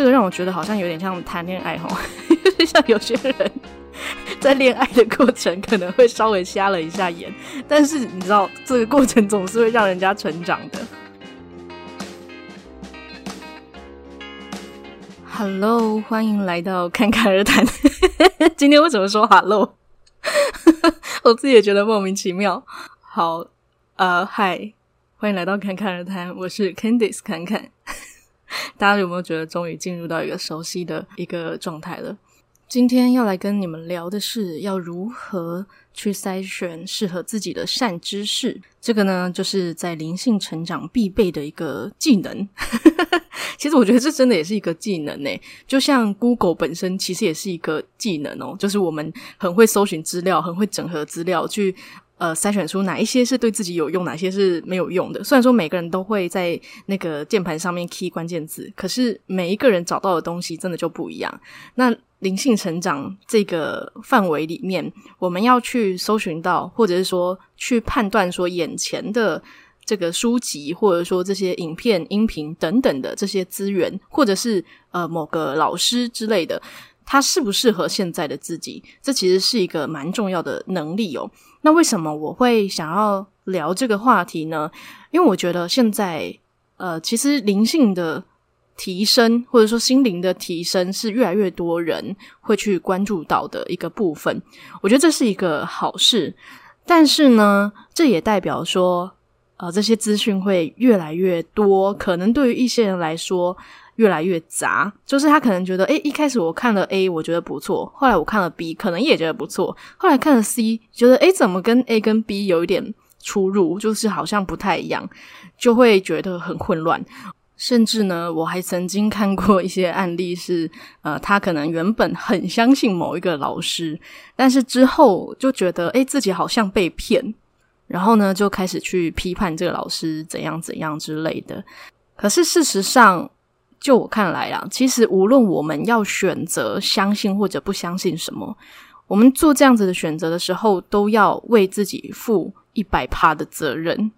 這個讓我覺得好像有點像談戀愛哈，就是像有些人在戀愛的過程可能會稍微瞎了一下眼，但是你知道這個過程總是會讓人家成長的。Hello，歡迎來到侃侃而談。 今天為什麼說 Hello？ 我自己也覺得莫名其妙。好，呃，Hi，歡迎來到侃侃而談，我是 Candice 侃侃。大家有沒有覺得終於進入到一個熟悉的一個狀態了？今天要來跟你們聊的是要如何去篩選適合自己的善知識。這個呢，就是在靈性成長必備的一個技能。 其實我覺得這真的也是一個技能誒，就像 Google 本身其實也是一個技能哦，就是我們很會搜尋資料，很會整合資料去。呃，篩選出哪一些是對自己有用，哪一些是沒有用的。雖然說每個人都會在那個鍵盤上面 key 關鍵字，可是每一個人找到的東西真的就不一樣。那靈性成長這個範圍裡面，我們要去搜尋到，或者是說去判斷說眼前的這個書籍，或者說這些影片、音頻等等的這些資源，或者是呃某個老師之類的，他適不適合現在的自己？這其實是一個蠻重要的能力哦。那為什麼我會想要聊這個話題呢？因為我覺得現在，呃，其實靈性的提升或者說心靈的提升是越來越多人會去關注到的一個部分。我覺得這是一個好事，但是呢，這也代表說，呃，這些資訊會越來越多，可能對於一些人來說，越來越雜，就是他可能覺得，哎，一開始我看了 A，我覺得不錯，後來我看了 B，可能也覺得不錯，後來看了 C，覺得哎，怎麼跟 A 跟 B 有一點出入，就是好像不太一樣，就會覺得很混亂。甚至呢，我還曾經看過一些案例是，是呃，他可能原本很相信某一個老師，但是之後就覺得，哎，自己好像被騙，然後呢，就開始去批判這個老師怎樣怎樣之類的。可是事實上，就我看來啦，其實無論我們要選擇相信或者不相信什麼，我們做這樣子的選擇的時候，都要為自己負一百趴的責任。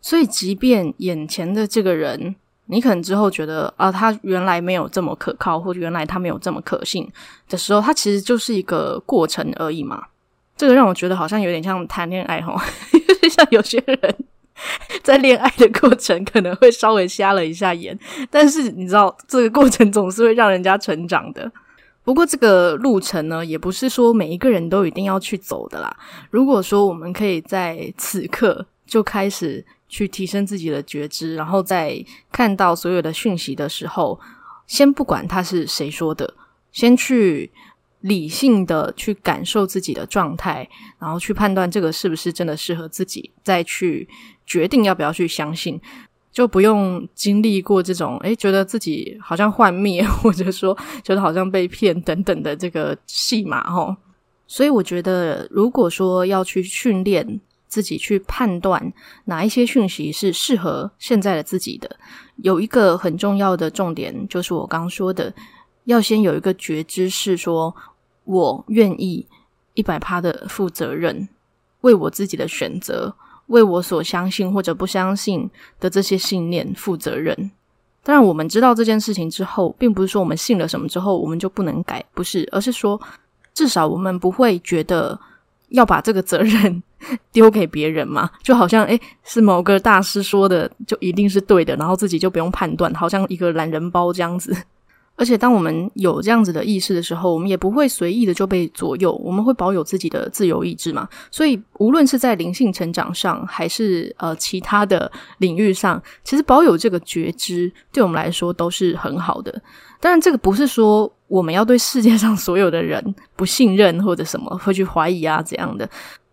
所以，即便眼前的這個人，你可能之後覺得啊，他原來沒有這麼可靠，或原來他沒有這麼可信的時候，他其實就是一個過程而已嘛。這個讓我覺得好像有點像談戀愛吼，像有些人。 在戀愛的過程可能會稍微瞎了一下眼，但是你知道這個過程總是會讓人家成長的。不過這個路程呢，也不是說每一個人都一定要去走的啦。如果說我們可以在此刻就開始去提升自己的覺知，然後在看到所有的訊息的時候，先不管他是誰說的，先去理性的去感受自己的狀態，然後去判斷這個是不是真的適合自己，再去決定要不要去相信，就不用經歷過這種，誒，覺得自己好像幻滅，或者說覺得好像被騙等等的這個戲碼哦，所以我覺得，如果說要去訓練自己去判斷哪一些訊息是適合現在的自己的，有一個很重要的重點，就是我剛說的，要先有一個覺知，是說我願意一百趴的負責任，為我自己的選擇。為我所相信或者不相信的這些信念負責任。當然，我們知道這件事情之後，並不是說我們信了什麼之後我們就不能改，不是，而是說至少我們不會覺得要把這個責任丟給別人嘛，就好像哎，是某個大師說的，就一定是對的，然後自己就不用判斷，好像一個懶人包這樣子。而且，當我們有這樣子的意識的時候，我們也不會隨意的就被左右，我們會保有自己的自由意志嘛。所以，無論是在靈性成長上，還是呃其他的領域上，其實保有這個覺知，對我們來說都是很好的。當然，這個不是說我們要對世界上所有的人不信任或者什麼，會去懷疑啊這樣的，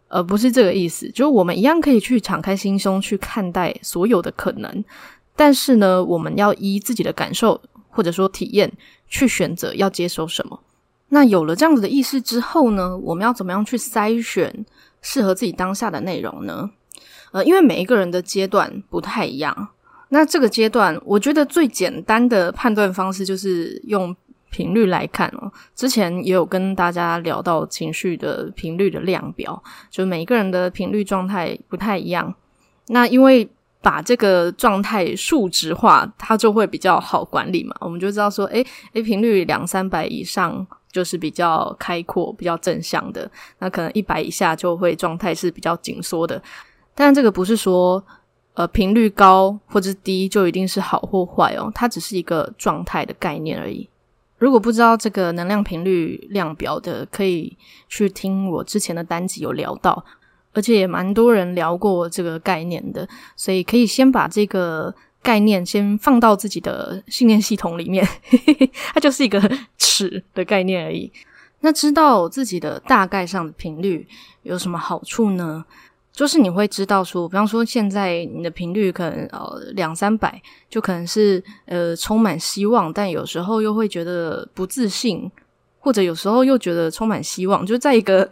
呃，不是這個意思。就我們一樣可以去敞開心胸去看待所有的可能，但是呢，我們要依自己的感受。或者說體驗去選擇要接受什麼，那有了這樣子的意識之後呢，我們要怎麼樣去篩選適合自己當下的內容呢？呃，因為每一個人的階段不太一樣，那這個階段我覺得最簡單的判斷方式就是用頻率來看哦。之前也有跟大家聊到情緒的頻率的量表，就是每一個人的頻率狀態不太一樣。那因為把這個狀態數值化，它就會比較好管理嘛。我們就知道說，哎，誒，頻率兩三百以上就是比較開闊、比較正向的，那可能一百以下就會狀態是比較緊縮的。但這個不是說，呃，頻率高或者低就一定是好或壞哦，它只是一個狀態的概念而已。如果不知道這個能量頻率量表的，可以去聽我之前的單集有聊到。而且也蠻多人聊過這個概念的，所以可以先把這個概念先放到自己的信念系統裡面。 它就是一個尺的概念而已。 那知道自己的大概上的頻率有什麼好處呢？就是你會知道說，比方說現在你的頻率可能呃兩三百，就可能是呃充滿希望，但有時候又會覺得不自信。或者有時候又覺得充滿希望，就在一個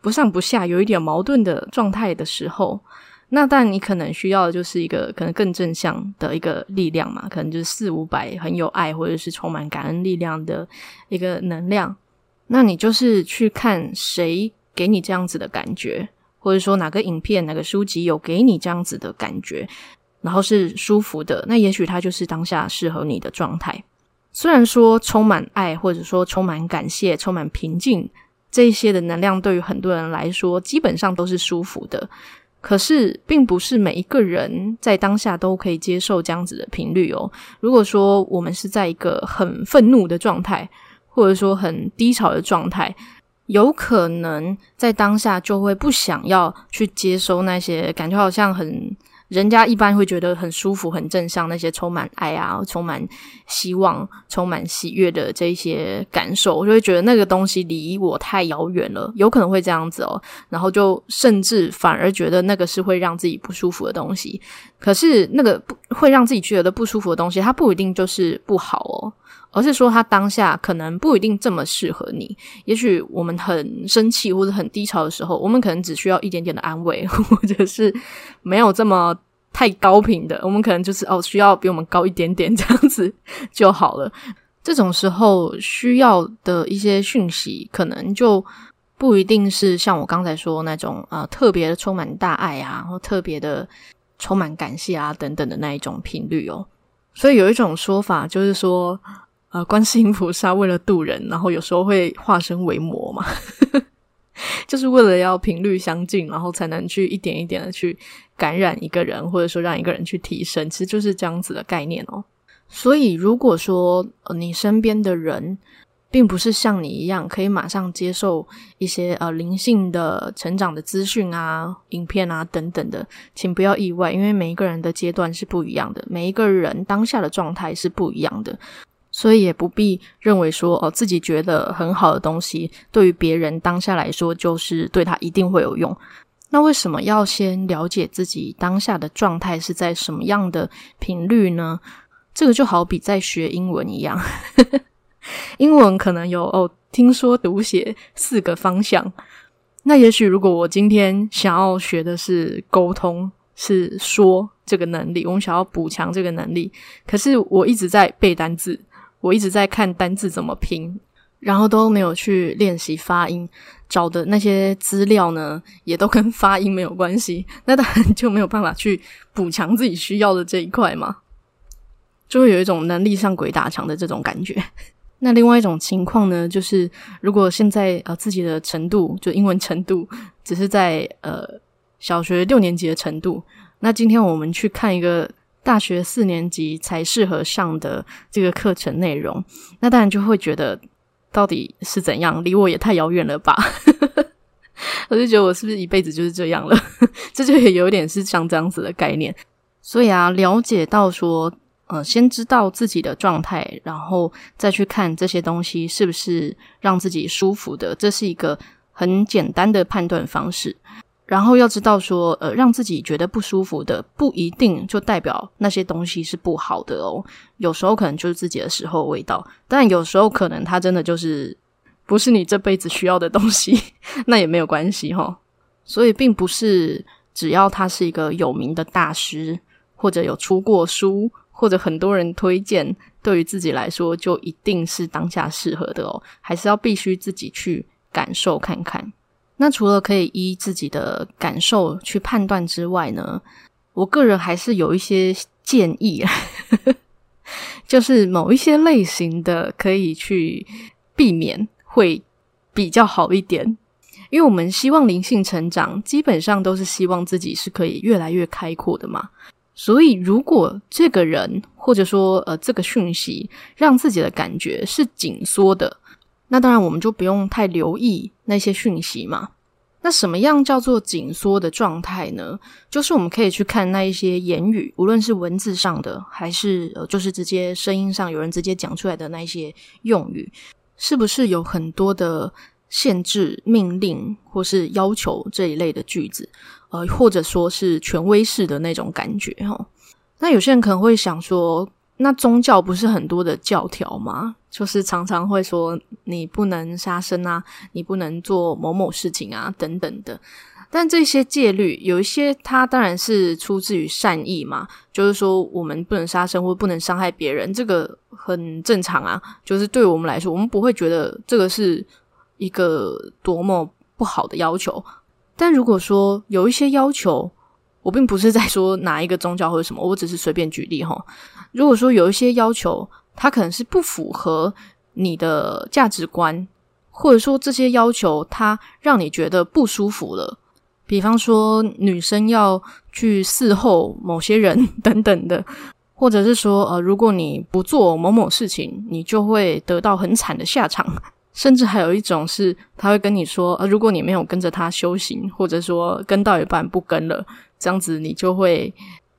不上不下、有一點矛盾的狀態的時候，那但你可能需要的就是一個可能更正向的一個力量嘛，可能就是四五百很有愛，或者是充滿感恩力量的一個能量。那你就是去看誰給你這樣子的感覺，或者說哪個影片、哪個書籍有給你這樣子的感覺，然後是舒服的，那也許它就是當下適合你的狀態。雖然說充滿愛，或者說充滿感謝、充滿平靜這些的能量，對於很多人來說基本上都是舒服的。可是，並不是每一個人在當下都可以接受這樣子的頻率哦。如果說我們是在一個很憤怒的狀態，或者說很低潮的狀態，有可能在當下就會不想要去接收那些感覺，好像很。人家一般會覺得很舒服、很正向，那些充滿愛啊、充滿希望、充滿喜悅的這些感受，我就會覺得那個東西離我太遙遠了，有可能會這樣子哦。然後就甚至反而覺得那個是會讓自己不舒服的東西。可是那個會讓自己覺得不舒服的東西，它不一定就是不好哦。而是說，他當下可能不一定這麼適合你。也許我們很生氣或者很低潮的時候，我們可能只需要一點點的安慰，或者是沒有這麼太高頻的。我們可能就是哦，需要比我們高一點點這樣子就好了。這種時候需要的一些訊息，可能就不一定是像我剛才說的那種，呃，特別的充滿大愛啊，或特別的充滿感謝啊等等的那一種頻率哦。所以有一種說法就是說，呃，觀世音菩薩為了渡人，然後有時候會化身為魔嘛， 就是為了要頻率相近，然後才能去一點一點的去感染一個人，或者說讓一個人去提升，其實就是這樣子的概念哦。所以，如果說，呃，你身邊的人並不是像你一樣可以馬上接受一些呃靈性的成長的資訊啊、影片啊等等的，請不要意外，因為每一個人的階段是不一樣的，每一個人當下的狀態是不一樣的。所以也不必認為說哦，自己覺得很好的東西，對於別人當下來說，就是對他一定會有用。那為什麼要先了解自己當下的狀態是在什麼樣的頻率呢？這個就好比在學英文一樣， 英文可能有哦，聽說讀寫四個方向。那也許如果我今天想要學的是溝通，是說這個能力，我們想要補強這個能力，可是我一直在背單字。我一直在看單字怎麼拼，然後都沒有去練習發音，找的那些資料呢，也都跟發音沒有關係，那當然就沒有辦法去補強自己需要的這一塊嘛，就會有一種能力上鬼打牆的這種感覺。 那另外一種情況呢，就是如果現在啊、呃、自己的程度就英文程度只是在呃小學六年級的程度，那今天我們去看一個。大學四年級才適合上的這個課程內容，那當然就會覺得到底是怎樣，離我也太遙遠了吧？ 我就覺得我是不是一輩子就是這樣了？ 這就也有點是像這樣子的概念。所以啊，了解到說，嗯、呃，先知道自己的狀態，然後再去看這些東西是不是讓自己舒服的，這是一個很簡單的判斷方式。然後要知道說，說呃，讓自己覺得不舒服的不一定就代表那些東西是不好的哦。有時候可能就是自己的時候味道，但有時候可能它真的就是不是你這輩子需要的東西，那也沒有關係哈、哦。所以，並不是只要他是一個有名的大師，或者有出過書，或者很多人推薦，對於自己來說就一定是當下適合的哦。還是要必須自己去感受看看。那除了可以依自己的感受去判斷之外呢，我個人還是有一些建議， 就是某一些類型的可以去避免，會比較好一點。因為我們希望靈性成長，基本上都是希望自己是可以越來越開闊的嘛。所以，如果這個人或者說呃這個訊息讓自己的感覺是緊縮的。那當然，我們就不用太留意那些訊息嘛。那什麼樣叫做緊縮的狀態呢？就是我們可以去看那一些言語，無論是文字上的，還是呃，就是直接聲音上有人直接講出來的那一些用語，是不是有很多的限制、命令或是要求這一類的句子？呃，或者說是權威式的那種感覺齁。那有些人可能會想說，那宗教不是很多的教條嗎？就是常常會說你不能殺生啊，你不能做某某事情啊，等等的。但這些戒律有一些，它當然是出自於善意嘛，就是說我們不能殺生或不能傷害別人，這個很正常啊。就是對我們來說，我們不會覺得這個是一個多麼不好的要求。但如果說有一些要求，我並不是在說哪一個宗教或者什麼，我只是隨便舉例哈。如果說有一些要求，他可能是不符合你的價值觀，或者說這些要求他讓你覺得不舒服了，比方說女生要去伺候某些人等等的，或者是說呃，如果你不做某某事情，你就會得到很慘的下場，甚至還有一種是他會跟你說，呃，如果你沒有跟着他修行，或者說跟到一半不跟了，這樣子你就會。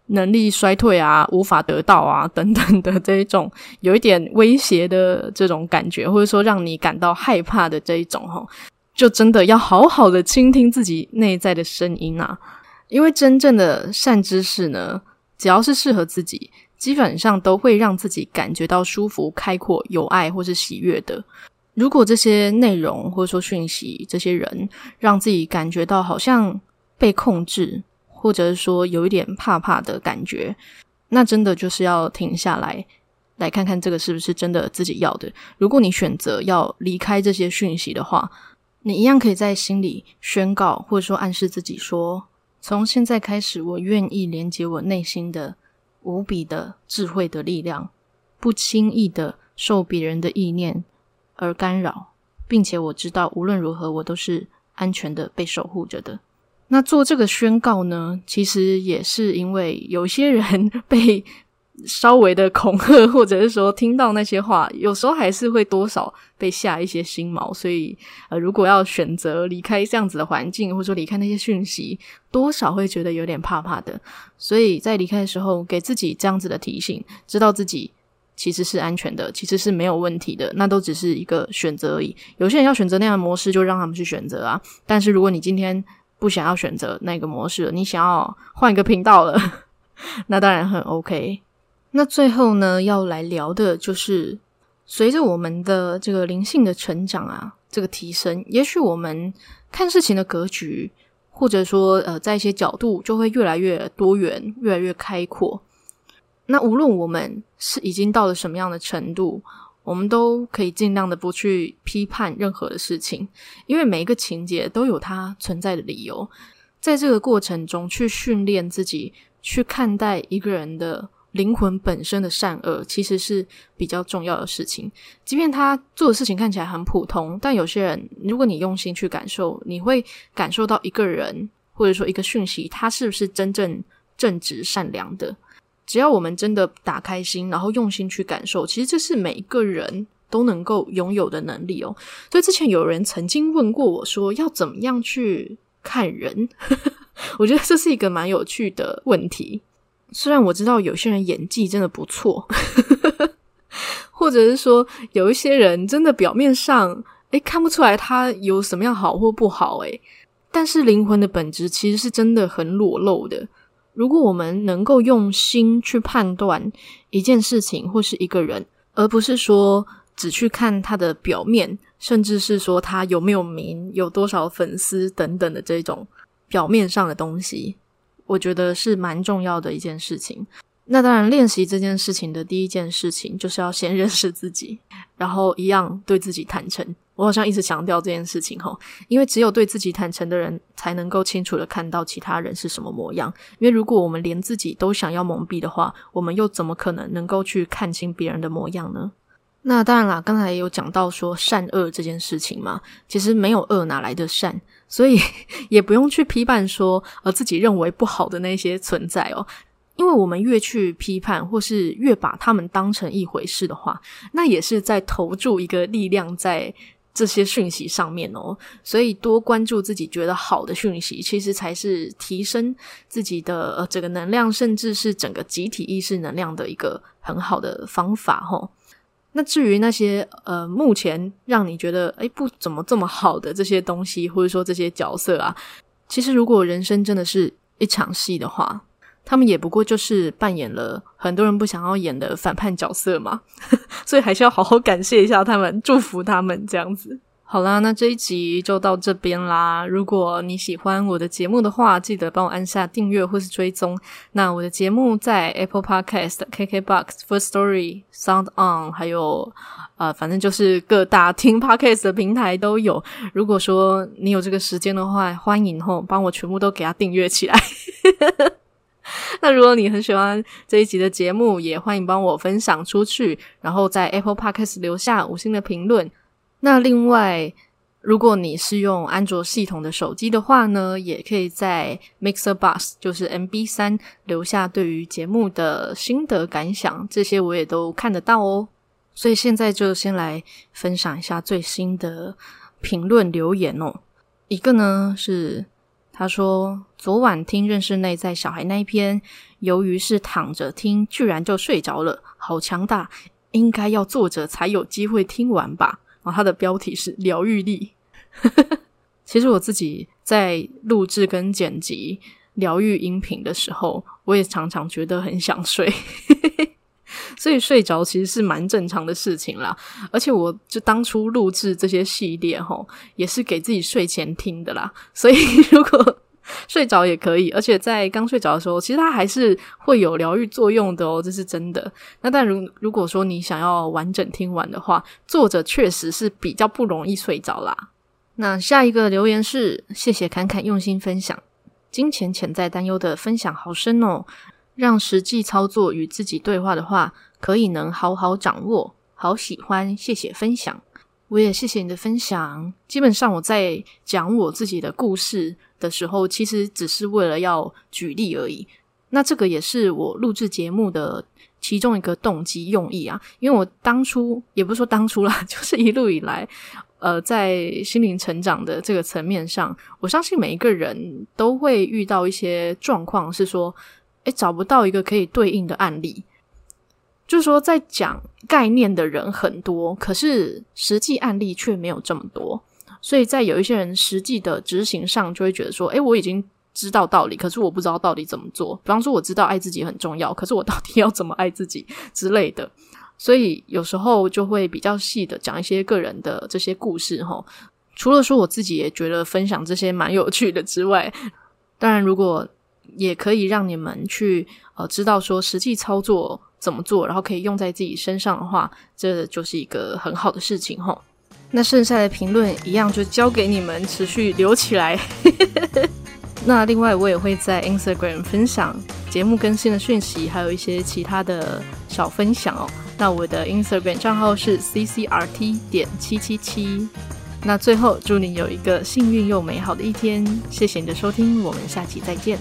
能力衰退啊，無法得到啊，等等的這一種，有一點威脅的這種感覺，或者說讓你感到害怕的這一種，哈，就真的要好好的傾聽自己內在的聲音啊，因為真正的善知識呢，只要是適合自己，基本上都會讓自己感覺到舒服、開闊、有愛或是喜悅的。如果這些內容，或者說訊息，這些人，讓自己感覺到好像被控制。或者是說有一點怕怕的感覺，那真的就是要停下來，來看看這個是不是真的自己要的。如果你選擇要離開這些訊息的話，你一樣可以在心裡宣告，或者說暗示自己說：從現在開始，我願意連接我內心的無比的智慧的力量，不輕易的受別人的意念而干擾，並且我知道無論如何，我都是安全的被守護着的。那做這個宣告呢，其實也是因為有些人被稍微的恐嚇，或者是說聽到那些話，有時候還是會多少被嚇一些心毛。所以，呃，如果要選擇離開這樣子的環境，或者說離開那些訊息，多少會覺得有點怕怕的。所以在離開的時候，給自己這樣子的提醒，知道自己其實是安全的，其實是沒有問題的。那都只是一個選擇而已。有些人要選擇那樣的模式，就讓他們去選擇啊。但是如果你今天，不想要選擇那個模式了，你想要換一個頻道了，那當然很 OK。那最後呢，要來聊的就是隨着我們的這個靈性的成長啊，這個提升，也許我們看事情的格局，或者說呃，在一些角度就會越來越多元，越來越開闊。那無論我們是已經到了什麼樣的程度，我們都可以盡量的不去批判任何的事情，因為每一個情節都有它存在的理由。在這個過程中，去訓練自己去看待一個人的靈魂本身的善惡，其實是比較重要的事情。即便他做的事情看起來很普通，但有些人，如果你用心去感受，你會感受到一個人或者說一個訊息，他是不是真正正直善良的。只要我們真的打開心，然後用心去感受，其實這是每一個人都能夠擁有的能力哦。所以之前有人曾經問過我說，要怎麼樣去看人？ 我覺得這是一個蠻有趣的問題。雖然我知道有些人演技真的不錯，呵呵呵。或者是說有一些人真的表面上，哎，看不出來他有什麼樣好或不好哎，但是靈魂的本質其實是真的很裸露的。如果我們能夠用心去判斷一件事情或是一個人，而不是說只去看他的表面，甚至是說他有沒有名、有多少粉絲等等的這種表面上的東西，我覺得是蠻重要的一件事情。那當然，練習這件事情的第一件事情就是要先認識自己，然後一樣對自己坦誠。我好像一直強調這件事情哈、哦，因為只有對自己坦誠的人，才能夠清楚地看到其他人是什麼模樣。因為如果我們連自己都想要蒙蔽的話，我們又怎麼可能能夠去看清別人的模樣呢？那當然啦，剛才也有講到說善惡這件事情嘛，其實沒有惡哪來的善，所以也不用去批判說呃自己認為不好的那些存在哦，因為我們越去批判或是越把他們當成一回事的話，那也是在投注一個力量在。這些訊息上面哦，所以多關注自己覺得好的訊息，其實才是提升自己的呃這個能量，甚至是整個集體意識能量的一個很好的方法齁。那至於那些呃目前讓你覺得哎不怎麼這麼好的這些東西，或者說這些角色啊，其實如果人生真的是一場戲的話。他們也不過就是扮演了很多人不想要演的反叛角色嘛， 所以還是要好好感謝一下他們，祝福他們這樣子。好啦，那這一集就到這邊啦。如果你喜歡我的節目的話，記得幫我按下訂閱或是追蹤。那我的節目在 Apple Podcast、KKBox、Firstory、Sound On，還有呃，反正就是各大聽 Podcast 的平台都有。如果說你有這個時間的話，歡迎吼幫我全部都給他訂閱起來。 那如果你很喜歡這一集的節目，也歡迎幫我分享出去，然後在 Apple Podcast 留下五星的評論。那另外，如果你是用安卓系統的手機的話呢，也可以在 MixerBox 就是 MB3 留下對於節目的心得感想，這些我也都看得到哦。所以現在就先來分享一下最新的評論留言哦。一個呢是。他說：“昨晚聽認識內在小孩那一篇，由於是躺着聽，居然就睡着了，好強大！應該要坐着才有機會聽完吧？”然後、哦、他的標題是《療癒力。》 其實我自己在錄製跟剪輯療癒音頻的時候，我也常常覺得很想睡。 所以睡着其實是蠻正常的事情啦，而且我就當初錄制這些系列吼，也是給自己睡前聽的啦。所以如果睡着也可以，而且在剛睡着的時候，其實它還是會有療癒作用的哦，這是真的。那但如如果說你想要完整聽完的話，坐著確實是比較不容易睡着啦。那下一個留言是，謝謝侃侃用心分享，金錢潛在擔憂的分享好深哦。讓實際操作與自己對話的話，可以能好好掌握。好喜歡，謝謝分享。我也謝謝你的分享。基本上我在講我自己的故事的時候，其實只是為了要舉例而已。那這個也是我錄製節目的其中一個動機用意啊。因為我當初也不是說當初啦，就是一路以來，呃，在心靈成長的這個層面上，我相信每一個人都會遇到一些狀況，是說。欸，找不到一個可以對應的案例，就是說，在講概念的人很多，可是實際案例卻沒有這麼多，所以在有一些人實際的執行上，就會覺得說，哎，欸，我已經知道道理，可是我不知道到底怎麼做。比方說，我知道愛自己很重要，可是我到底要怎麼愛自己之類的。所以有時候就會比較細的講一些個人的這些故事，吼。除了說我自己也覺得分享這些蠻有趣的之外，當然如果，也可以讓你們去呃知道說實際操作怎麼做，然後可以用在自己身上的話，這就是一個很好的事情吼，那剩下的評論一樣就交給你們持續留起來。 那另外我也會在 Instagram 分享節目更新的訊息，還有一些其他的小分享哦。那我的 Instagram 賬號是 ccrt 點七七七。那最後，祝你有一個幸運又美好的一天。謝謝你的收聽，我們下期再見。